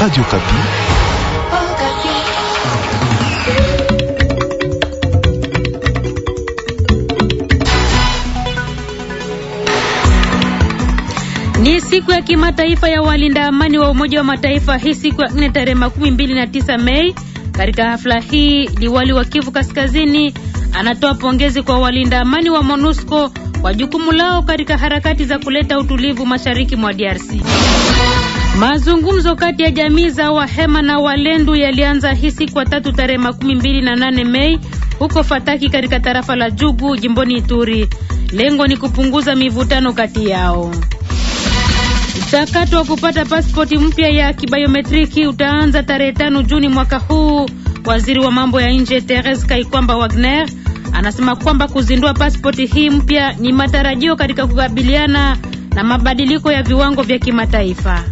Radio Kapi. Ni siku ya kimataifa ya walinda amani wa Umoja wa Mataifa hii siku ya 4 tarehe 29 Mei. Katika hafla hii, liwali wa Kivu Kaskazini anatoa pongezi kwa walinda amani wa MONUSCO kwa jukumu lao katika harakati za kuleta utulivu mashariki mwa DRC. Mazungumzo kati ya jamii za Wahema na Walendu yalianza hii siku ya tatu tarehe makumi mbili na nane Mei huko Fataki katika tarafa la Jugu jimboni Ituri. Lengo ni kupunguza mivutano kati yao. Mchakato wa kupata pasipoti mpya ya kibayometriki utaanza tarehe tano Juni mwaka huu. Waziri wa mambo ya nje Therese Kaikwamba Wagner anasema kwamba kuzindua pasipoti hii mpya ni matarajio katika kukabiliana na mabadiliko ya viwango vya kimataifa.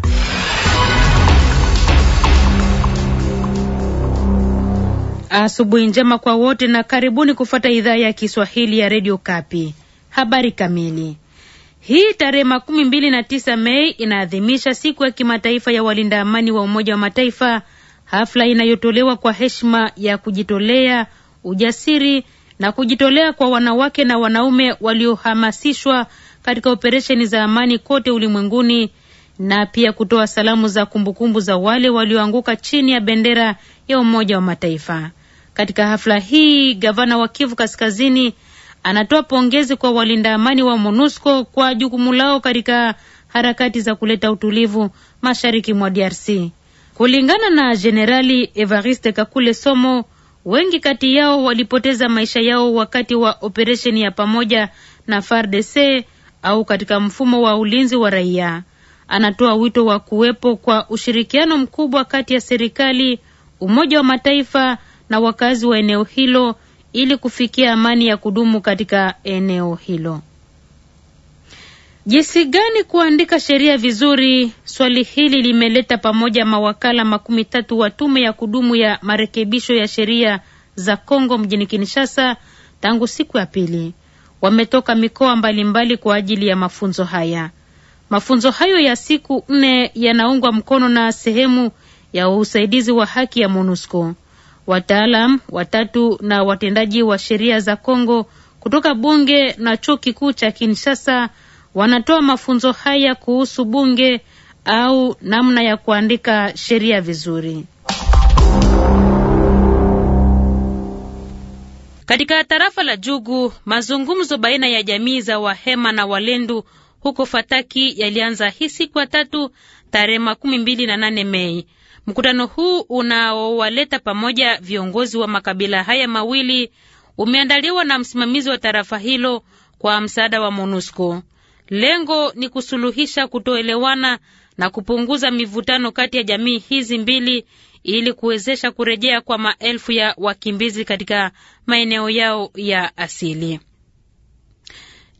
Asubuhi njema kwa wote na karibuni kufuata idhaa ya Kiswahili ya redio Kapi. Habari kamili. Hii tarehe makumi mbili na tisa Mei inaadhimisha siku ya kimataifa ya walinda amani wa Umoja wa Mataifa, hafla inayotolewa kwa heshima ya kujitolea, ujasiri na kujitolea kwa wanawake na wanaume waliohamasishwa katika operesheni za amani kote ulimwenguni na pia kutoa salamu za kumbukumbu za wale walioanguka chini ya bendera ya Umoja wa Mataifa. Katika hafla hii, gavana wa Kivu Kaskazini anatoa pongezi kwa walinda amani wa MONUSCO kwa jukumu lao katika harakati za kuleta utulivu mashariki mwa DRC. Kulingana na Jenerali Evariste Kakule Somo, wengi kati yao walipoteza maisha yao wakati wa operesheni ya pamoja na FARDC au katika mfumo wa ulinzi wa raia. Anatoa wito wa kuwepo kwa ushirikiano mkubwa kati ya serikali, Umoja wa Mataifa na wakazi wa eneo hilo ili kufikia amani ya kudumu katika eneo hilo. Jinsi gani kuandika sheria vizuri? Swali hili limeleta pamoja mawakala makumi tatu wa tume ya kudumu ya marekebisho ya sheria za Kongo mjini Kinshasa tangu siku ya pili. Wametoka mikoa mbalimbali mbali kwa ajili ya mafunzo haya. Mafunzo hayo ya siku nne yanaungwa mkono na sehemu ya usaidizi wa haki ya MONUSCO wataalam watatu na watendaji wa sheria za Kongo kutoka bunge na chuo kikuu cha Kinshasa wanatoa mafunzo haya kuhusu bunge au namna ya kuandika sheria vizuri. Katika tarafa la Jugu, mazungumzo baina ya jamii za Wahema na Walendu huko Fataki yalianza hii siku ya tatu tarehe makumi mbili na nane Mei. Mkutano huu unaowaleta pamoja viongozi wa makabila haya mawili umeandaliwa na msimamizi wa tarafa hilo kwa msaada wa MONUSCO. Lengo ni kusuluhisha kutoelewana na kupunguza mivutano kati ya jamii hizi mbili ili kuwezesha kurejea kwa maelfu ya wakimbizi katika maeneo yao ya asili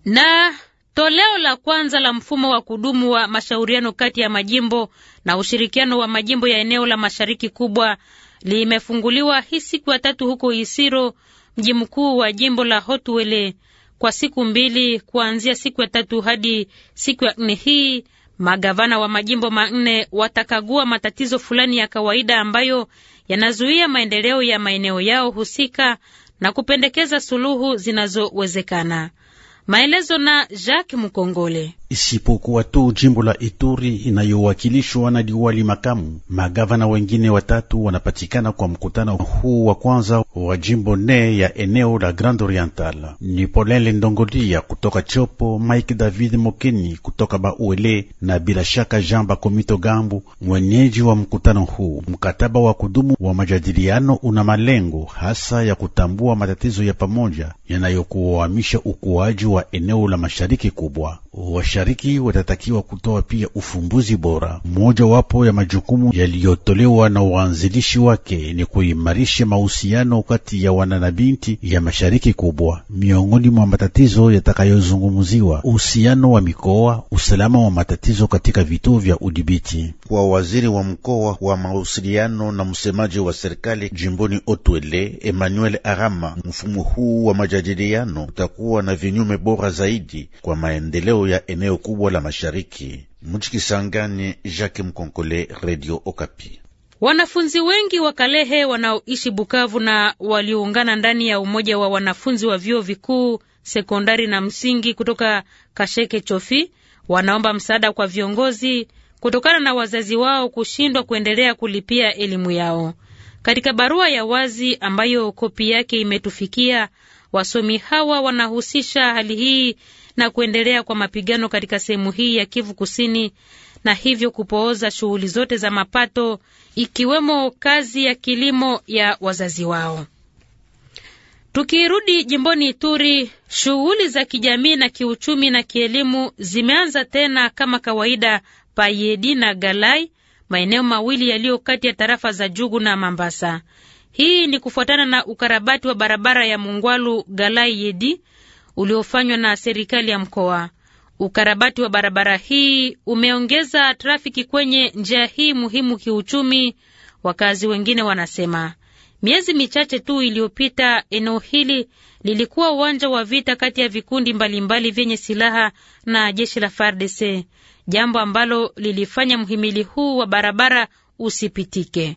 na Toleo la kwanza la mfumo wa kudumu wa mashauriano kati ya majimbo na ushirikiano wa majimbo ya eneo la Mashariki kubwa limefunguliwa hii siku ya tatu huko Isiro, mji mkuu wa jimbo la Hotwele, kwa siku mbili kuanzia siku ya tatu hadi siku ya nne hii. Magavana wa majimbo manne watakagua matatizo fulani ya kawaida ambayo yanazuia maendeleo ya maeneo yao husika na kupendekeza suluhu zinazowezekana. Maelezo na Jacques Mukongole isipokuwa tu jimbo la Ituri inayowakilishwa na diwali makamu. Magavana wengine watatu wanapatikana kwa mkutano huu wa kwanza wa jimbo ne ya eneo la Grand Oriental ni Polele Ndongolia kutoka Chopo, Mike David Mokeni kutoka Bauele na bila shaka Jean Bakomito Gambu, mwenyeji wa mkutano huu. Mkataba wa kudumu wa majadiliano una malengo hasa ya kutambua matatizo ya pamoja yanayokuwamisha ukuaji wa eneo la mashariki kubwa. Washariki watatakiwa kutoa pia ufumbuzi bora. Mmoja wapo ya majukumu yaliyotolewa na waanzilishi wake ni kuimarisha mahusiano kati ya wana na binti ya mashariki kubwa. Miongoni mwa matatizo yatakayozungumziwa, uhusiano wa mikoa, usalama wa matatizo katika vituo vya udhibiti. Kwa waziri wa mkoa wa mawasiliano na msemaji wa serikali jimboni Otwele, Emmanuel Arama, mfumo huu wa majadiliano utakuwa na vinyume bora zaidi kwa maendeleo ya eneo kubwa la mashariki. Mchikisangani, Jacques Mkonkole, Radio Okapi. Wanafunzi wengi wa Kalehe wanaoishi Bukavu na walioungana ndani ya umoja wa wanafunzi wa vyuo vikuu sekondari na msingi kutoka Kasheke Chofi wanaomba msaada kwa viongozi kutokana na wazazi wao kushindwa kuendelea kulipia elimu yao. Katika barua ya wazi ambayo kopi yake imetufikia, wasomi hawa wanahusisha hali hii na kuendelea kwa mapigano katika sehemu hii ya Kivu Kusini na hivyo kupooza shughuli zote za mapato ikiwemo kazi ya kilimo ya wazazi wao. Tukirudi jimboni Ituri, shughuli za kijamii na kiuchumi na kielimu zimeanza tena kama kawaida Payedi na Galai, maeneo mawili yaliyo kati ya tarafa za Jugu na Mambasa. Hii ni kufuatana na ukarabati wa barabara ya Mungwalu Galai Yedi uliofanywa na serikali ya mkoa. Ukarabati wa barabara hii umeongeza trafiki kwenye njia hii muhimu kiuchumi, wakazi wengine wanasema. Miezi michache tu iliyopita, eneo hili lilikuwa uwanja wa vita kati ya vikundi mbalimbali vyenye silaha na jeshi la FARDC, jambo ambalo lilifanya mhimili huu wa barabara usipitike.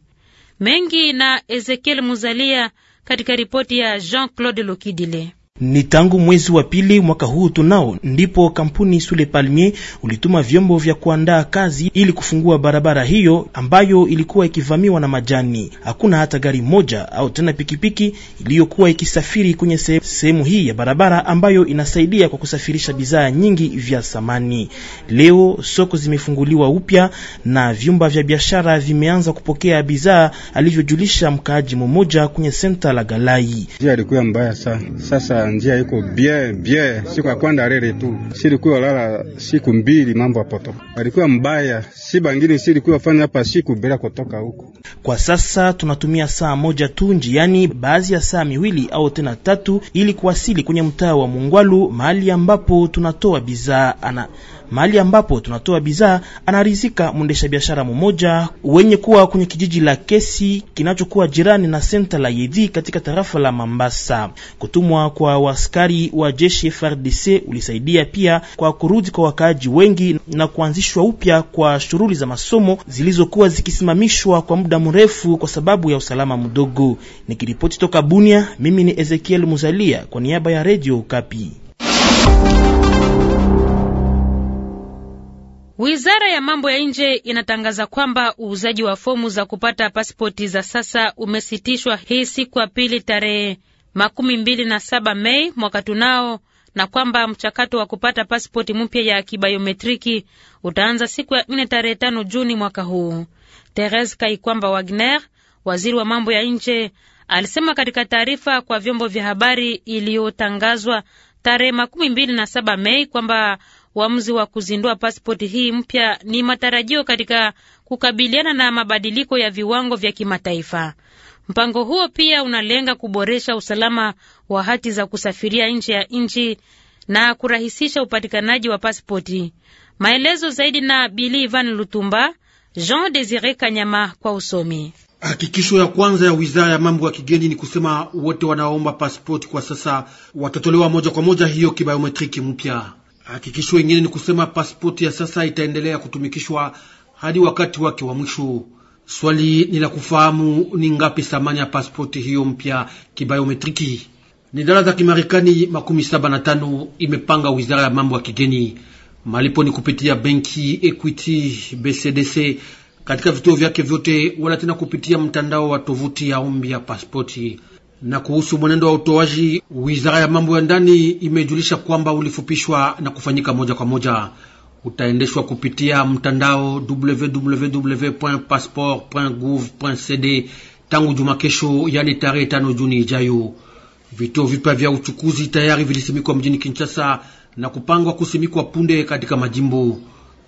Mengi na Ezekiel Muzalia katika ripoti ya Jean-Claude Lokidile. Ni tangu mwezi wa pili mwaka huu tunao ndipo kampuni Sule Palmier ulituma vyombo vya kuandaa kazi ili kufungua barabara hiyo ambayo ilikuwa ikivamiwa na majani. Hakuna hata gari moja au tena pikipiki iliyokuwa ikisafiri kwenye sehemu hii ya barabara ambayo inasaidia kwa kusafirisha bidhaa nyingi vya samani. Leo soko zimefunguliwa upya na vyumba vya biashara vimeanza kupokea bidhaa, alivyojulisha mkaaji mmoja kwenye senta la Galai. Alikuwa mbaya sana sasa njia iko bien bien, siku ya kwanda rere tu silikuwa lala siku mbili, mambo apotoka alikuwa mbaya, si bangine silikuwa fanya hapa siku bila kutoka huko. Kwa sasa tunatumia saa moja tu njiani, baadhi ya saa miwili au tena tatu, ili kuwasili kwenye mtaa wa Mungwalu, mahali ambapo tunatoa bidhaa ana mahali ambapo tunatoa bidhaa, anarizika mwendesha biashara mmoja wenye kuwa kwenye kijiji la Kesi kinachokuwa jirani na senta la Yedi katika tarafa la Mambasa. Kutumwa kwa waskari wa jeshi frdc ulisaidia pia kwa kurudi kwa wakaaji wengi na kuanzishwa upya kwa shughuli za masomo zilizokuwa zikisimamishwa kwa muda mrefu kwa sababu ya usalama mdogo. Nikiripoti toka Bunia, mimi ni Ezekiel Muzalia kwa niaba ya Radio Kapi. Wizara ya mambo ya nje inatangaza kwamba uuzaji wa fomu za kupata pasipoti za sasa umesitishwa hii siku ya pili tarehe makumi mbili na saba Mei mwaka tunao, na kwamba mchakato wa kupata pasipoti mpya ya kibayometriki utaanza siku ya nne tarehe tano Juni mwaka huu. Therese Kaikwamba Wagner, waziri wa mambo ya nje, alisema katika taarifa kwa vyombo vya habari iliyotangazwa tarehe makumi mbili na saba Mei kwamba Uamuzi wa kuzindua pasipoti hii mpya ni matarajio katika kukabiliana na mabadiliko ya viwango vya kimataifa. Mpango huo pia unalenga kuboresha usalama wa hati za kusafiria nje ya nchi na kurahisisha upatikanaji wa pasipoti. Maelezo zaidi na Bili Ivan Lutumba, Jean Desire Kanyama kwa usomi. Hakikisho ya kwanza ya wizara ya mambo ya kigeni ni kusema wote wanaomba pasipoti kwa sasa watatolewa moja kwa moja hiyo kibayometriki mpya. Hakikisho ingine ni kusema pasipoti ya sasa itaendelea kutumikishwa hadi wakati wake wa mwisho. Swali ni la kufahamu ni ngapi thamani ya pasipoti hiyo mpya kibayometriki. Ni dola za Kimarekani makumi saba na tano imepanga wizara ya mambo ya kigeni. Malipo ni kupitia benki Equity BCDC katika vituo vyake vyote, wala tena kupitia mtandao wa tovuti ya ombi ya pasipoti. Na kuhusu mwenendo wa utoaji, wizara ya mambo ya ndani imejulisha kwamba ulifupishwa na kufanyika moja kwa moja, utaendeshwa kupitia mtandao www.passeport.gouv.cd tangu juma kesho, yani tarehe tano Juni ijayo. Vituo vipya vya uchukuzi tayari vilisimikwa mjini Kinshasa na kupangwa kusimikwa punde katika majimbo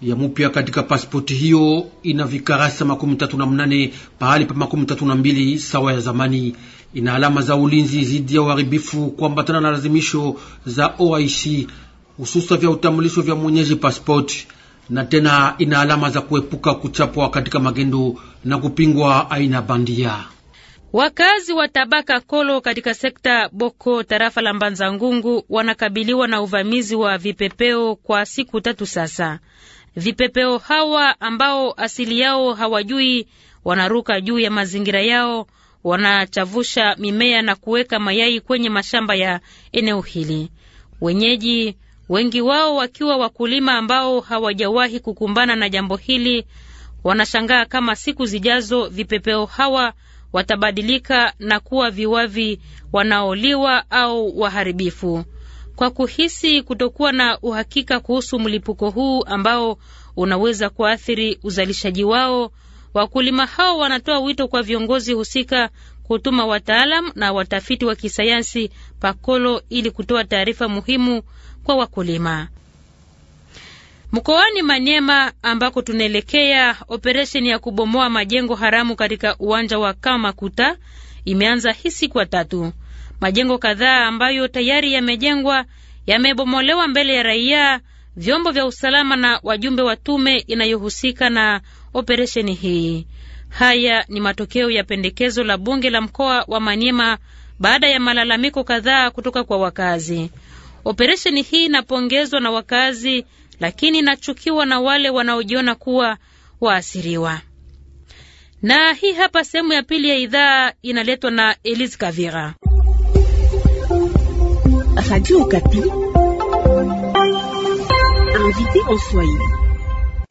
ya mupya. Katika pasipoti hiyo ina vikarasa makumi tatu na mnane pahali pa makumi tatu na mbili sawa ya zamani ina alama za ulinzi dhidi ya uharibifu kuambatana na lazimisho za OIC hususa vya utambulisho vya mwenyeji pasipoti, na tena ina alama za kuepuka kuchapwa katika magendo na kupingwa aina bandia. Wakazi wa tabaka Kolo katika sekta Boko tarafa la Mbanza Ngungu wanakabiliwa na uvamizi wa vipepeo kwa siku tatu sasa. Vipepeo hawa ambao asili yao hawajui wanaruka juu ya mazingira yao wanachavusha mimea na kuweka mayai kwenye mashamba ya eneo hili. Wenyeji wengi wao wakiwa wakulima ambao hawajawahi kukumbana na jambo hili, wanashangaa kama siku zijazo vipepeo hawa watabadilika na kuwa viwavi wanaoliwa au waharibifu. Kwa kuhisi kutokuwa na uhakika kuhusu mlipuko huu ambao unaweza kuathiri uzalishaji wao, Wakulima hao wanatoa wito kwa viongozi husika kutuma wataalam na watafiti wa kisayansi Pakolo ili kutoa taarifa muhimu kwa wakulima. Mkoani Manyema ambako tunaelekea, operesheni ya kubomoa majengo haramu katika uwanja wa Kamakuta imeanza hii siku ya tatu. Majengo kadhaa ambayo tayari yamejengwa yamebomolewa mbele ya raia, vyombo vya usalama na wajumbe wa tume inayohusika na operesheni hii. Haya ni matokeo ya pendekezo la bunge la mkoa wa Maniema baada ya malalamiko kadhaa kutoka kwa wakazi. Operesheni hii inapongezwa na wakazi, lakini inachukiwa na wale wanaojiona kuwa waasiriwa. Na hii hapa sehemu ya pili ya idhaa inaletwa na Elise Kavira. Radio Okapi. Invité en Swahili.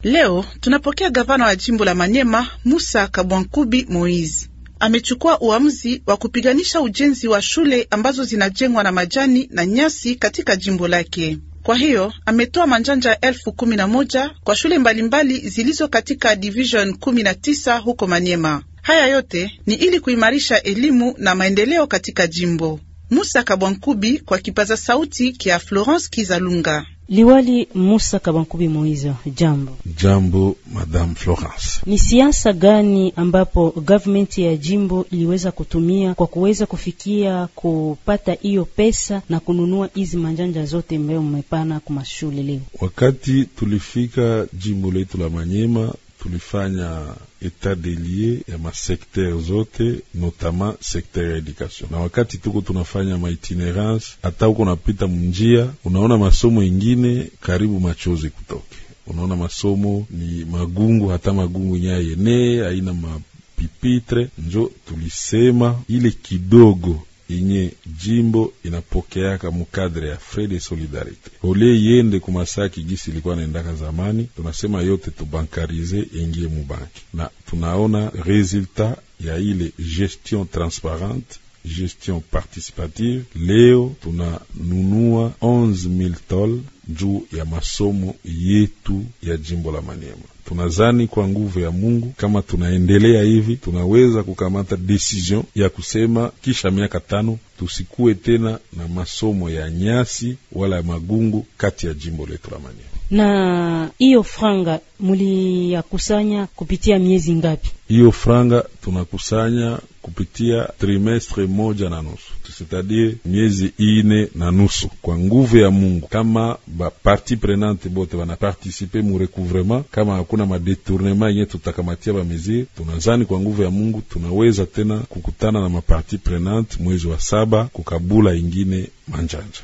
Leo tunapokea gavana wa jimbo la Manyema Musa Kabwankubi Moizi amechukua uamuzi wa kupiganisha ujenzi wa shule ambazo zinajengwa na majani na nyasi katika jimbo lake. Kwa hiyo ametoa manjanja ya elfu kumi na moja kwa shule mbalimbali zilizo katika division 19 huko Manyema. Haya yote ni ili kuimarisha elimu na maendeleo katika jimbo. Musa Kabwankubi kwa kipaza sauti kya Florence Kizalunga. Liwali Musa Kabankubi Moiza, jambo. Jambo Madame Florence. Ni siasa gani ambapo government ya jimbo iliweza kutumia kwa kuweza kufikia kupata hiyo pesa na kununua hizi manjanja zote ambayo mmepana kumashule leo? Wakati tulifika jimbo letu la Manyema tulifanya etat delie ya masekter zote notama sekter ya edukation, na wakati tuko tunafanya maitinerance, hata uko napita munjia unaona masomo ingine karibu machozi kutoke, unaona masomo ni magungu, hata magungu nyaa yenee aina mapipitre. Njo tulisema ile kidogo yenye jimbo inapokeaka mukadre ya frede solidarite ole yende kumasaki gisi ilikuwa naendaka zamani. Tunasema yote tubankarize ingie mubanki, na tunaona resultat ya ile gestion transparente gestion participative. Leo tunanunua 11000 tol juu ya masomo yetu ya jimbo la Maniema. Tunazani kwa nguvu ya Mungu, kama tunaendelea hivi, tunaweza kukamata decision ya kusema kisha miaka tano tusikue tena na masomo ya nyasi wala ya magungu kati ya jimbo letu la Maniema. Na hiyo franga muliyakusanya kupitia miezi ngapi? Hiyo franga tunakusanya kupitia trimestre moja na nusu, cetadire miezi ine na nusu. Kwa nguvu ya Mungu, kama baparti prenante bote banapartisipe mu recouvrement, kama hakuna hakuna madetournema yenye tutakamatia bamezire. Tunazani kwa nguvu ya Mungu tunaweza tena kukutana na maparti prenante mwezi wa saba kukabula ingine manjanja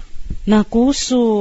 na kuhusu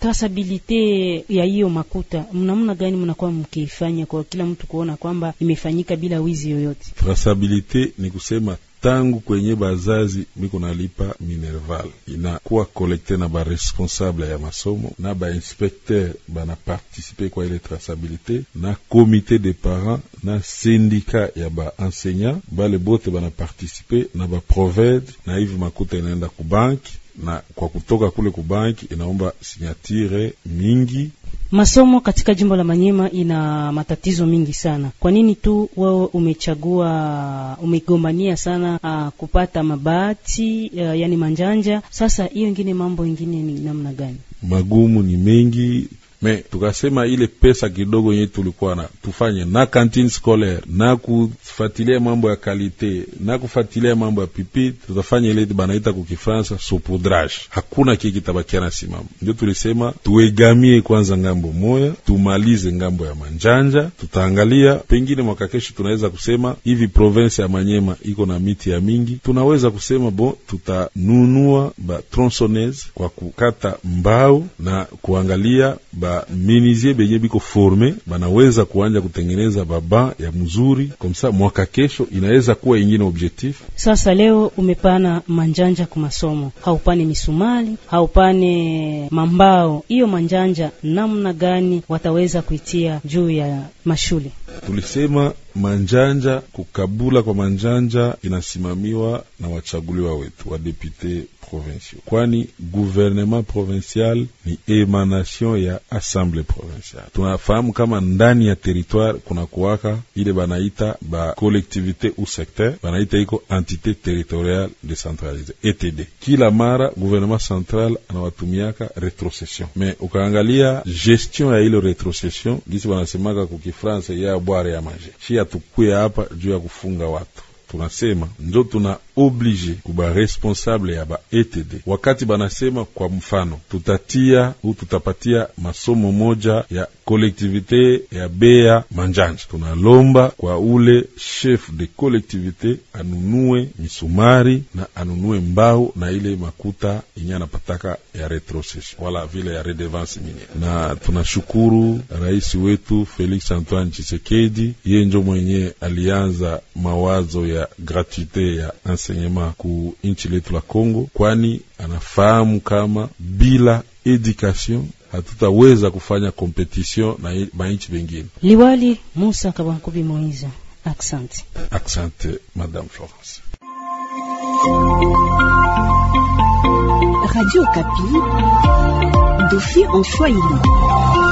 trasabilite ya hiyo makuta, mnamna gani mnakuwa mkiifanya kwa kila mtu kuona kwamba imefanyika bila wizi yoyote? Trasabilite ni kusema tangu kwenye bazazi miko nalipa Minerval inakuwa kolekte na baresponsable ya masomo na bainspekter banapartisipe kwa ile trasabilite na komite de parents na sindika ya baenseignant bale bote banapartisipe na baproverge na hivi makuta inaenda kubanki na kwa kutoka kule kubanki inaomba sinyatire mingi. Masomo katika jimbo la Manyema ina matatizo mingi sana. Kwa nini tu wewe umechagua umegombania sana uh, kupata mabati uh, yani manjanja? Sasa hiyo ingine mambo ingine ni namna gani? Magumu ni mengi me tukasema ile pesa kidogo yenye tulikuwa na tufanye na kantine scolaire na kufatilia mambo ya kalite na kufuatilia mambo ya pipi, tutafanya ile banaita kwa Kifransa saupoudrage. Hakuna kiki tabakia na simama, ndio tulisema tuegamie kwanza ngambo moya, tumalize ngambo ya manjanja. Tutaangalia pengine mwaka kesho tunaweza kusema hivi, province ya Manyema iko na miti ya mingi, tunaweza kusema bo, tutanunua ba tronçonneuse kwa kukata mbao na kuangalia ba ba benye biko forme banaweza kuanja kutengeneza baba ya mzuri komsa, mwaka kesho inaweza kuwa ingine objectif. Sasa leo umepana manjanja kumasomo masomo, haupane misumali, haupane mambao, hiyo manjanja namna gani wataweza kuitia juu ya mashule tulisema manjanja kukabula kwa manjanja inasimamiwa na wachaguliwa wetu wa depute provincial, kwani gouvernement provincial ni emanation ya assemble provinciale. Tunafahamu kama ndani ya territoire kuna kuwaka ile banaita ba collectivité ou secteur banaita iko entité territoriale decentralisée ETD. Kila mara gouvernement central anawatumiaka retrocession, me ukaangalia gestion ya ile retrocession gisi banasemaka ku Kifransa ya bware ya manje yatukuye hapa juu ya kufunga watu tunasema njo tuna oblige kuba responsable ya ba ETD wakati banasema, kwa mfano tutatia u tutapatia masomo moja ya collectivité ya bea manjanja, tunalomba kwa ule chef de collectivité anunue misumari na anunue mbao na ile makuta yenye anapataka ya retrocession wala vile ya redevance mine na tunashukuru rais wetu Felix Antoine Tshisekedi, yeye njo mwenye alianza mawazo ya gratuité gratuite ya enseignement ku nchi letu la congo kwani anafahamu kama bila education hatutaweza kufanya competition na mainchi mengine. Liwali Musa Kabankubi Moiza, aksante. Aksante Madame Florence. Radio Kapi, dofi en Swahili.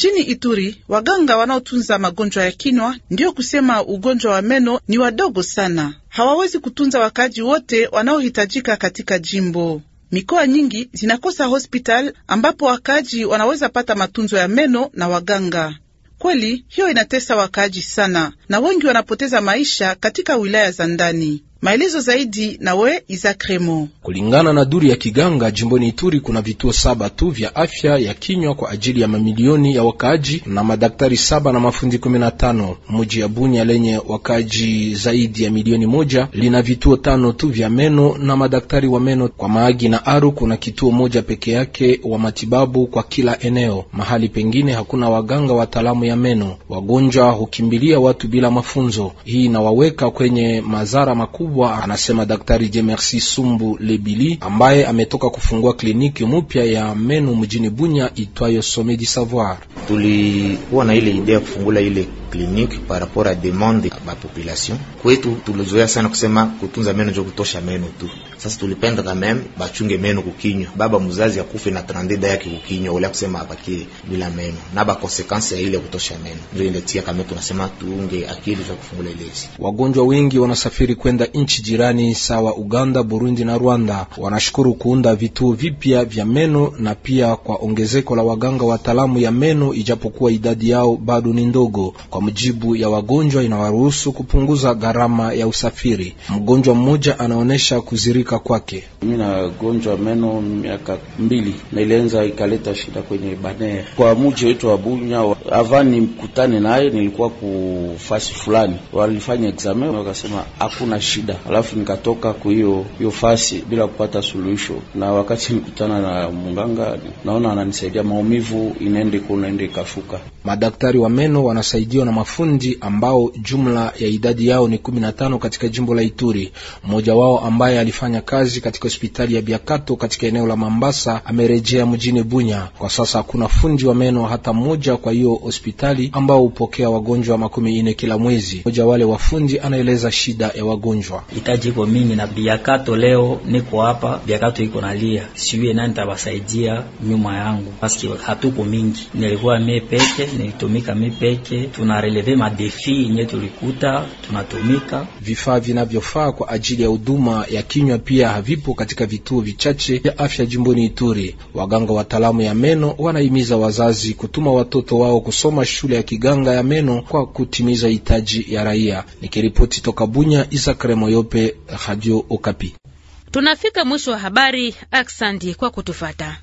Mjini Ituri, waganga wanaotunza magonjwa ya kinywa, ndiyo kusema ugonjwa wa meno, ni wadogo sana, hawawezi kutunza wakaaji wote wanaohitajika katika jimbo. Mikoa nyingi zinakosa hospital ambapo wakaaji wanaweza pata matunzo ya meno na waganga. Kweli hiyo inatesa wakaaji sana, na wengi wanapoteza maisha katika wilaya za ndani. Maelezo zaidi nawe Remo. Kulingana na duru ya kiganga jimboni Ituri, kuna vituo saba tu vya afya ya kinywa kwa ajili ya mamilioni ya wakaaji na madaktari saba na mafundi kumi na tano. Mji ya bunya lenye wakaaji zaidi ya milioni moja lina vituo tano tu vya meno na madaktari wa meno. Kwa Maagi na Aru kuna kituo moja peke yake wa matibabu kwa kila eneo. Mahali pengine hakuna waganga wataalamu ya meno. Wagonjwa hukimbilia watu bila mafunzo. Hii inawaweka kwenye madhara makubwa kubwa, anasema Daktari Jemerci Sumbu Lebili ambaye ametoka kufungua kliniki mpya ya meno mjini Bunya itwayo Somedi Savoir. Tulikuwa na ile idea ya kufungula ile kliniki par rapport a demande ba population kwetu. Tulizoea sana kusema kutunza meno jo kutosha meno tu sasa tulipenda na meme bachunge meno kukinywa, baba mzazi akufe na trandeda yake kukinywa, ule akusema abaki bila meno na ba consequence ya ile kutosha meno, ndio ile tia kama tunasema tuunge akili za kufungula ile. Wagonjwa wengi wanasafiri kwenda nchi jirani sawa Uganda, Burundi na Rwanda. Wanashukuru kuunda vituo vipya vya meno na pia kwa ongezeko la waganga wataalamu ya meno, ijapokuwa idadi yao bado ni ndogo. Kwa mujibu ya wagonjwa, inawaruhusu kupunguza gharama ya usafiri. Mgonjwa mmoja anaonesha kuzirika kuharibika kwake. Mimi nagonjwa meno miaka mbili na ilianza ikaleta shida kwenye banea kwa muji wetu wa Bunya. Avani mkutane naye, nilikuwa kufasi fulani, walifanya examen wakasema hakuna shida, alafu nikatoka kwa hiyo hiyo fasi bila kupata suluhisho. Na wakati nikutana na munganga, naona ananisaidia, maumivu inaende kunaende ikashuka. Madaktari wa meno wanasaidiwa na mafundi ambao jumla ya idadi yao ni 15 katika jimbo la Ituri. Mmoja wao ambaye alifanya anafanya kazi katika hospitali ya Biakato katika eneo la Mambasa amerejea mjini Bunya. Kwa sasa hakuna fundi wa meno hata mmoja kwa hiyo hospitali ambao hupokea wagonjwa makumi ine kila mwezi. Mmoja wale wafundi anaeleza shida ya wagonjwa. Hitaji iko mingi na Biakato, leo niko hapa Biakato iko nalia, sijui nani tabasaidia nyuma yangu, paske hatuko mingi. Nilikuwa mie peke, nilitumika mie peke, tunareleve madefi yenye tulikuta tunatumika. Vifaa vinavyofaa kwa ajili ya huduma ya kinywa pia havipo katika vituo vichache vya afya jimboni Ituri. Waganga wataalamu ya meno wanahimiza wazazi kutuma watoto wao kusoma shule ya kiganga ya meno kwa kutimiza hitaji ya raia. Nikiripoti toka Bunya, Isakre Moyope, Radio Okapi. Tunafika mwisho wa habari. Aksandi kwa kutufata.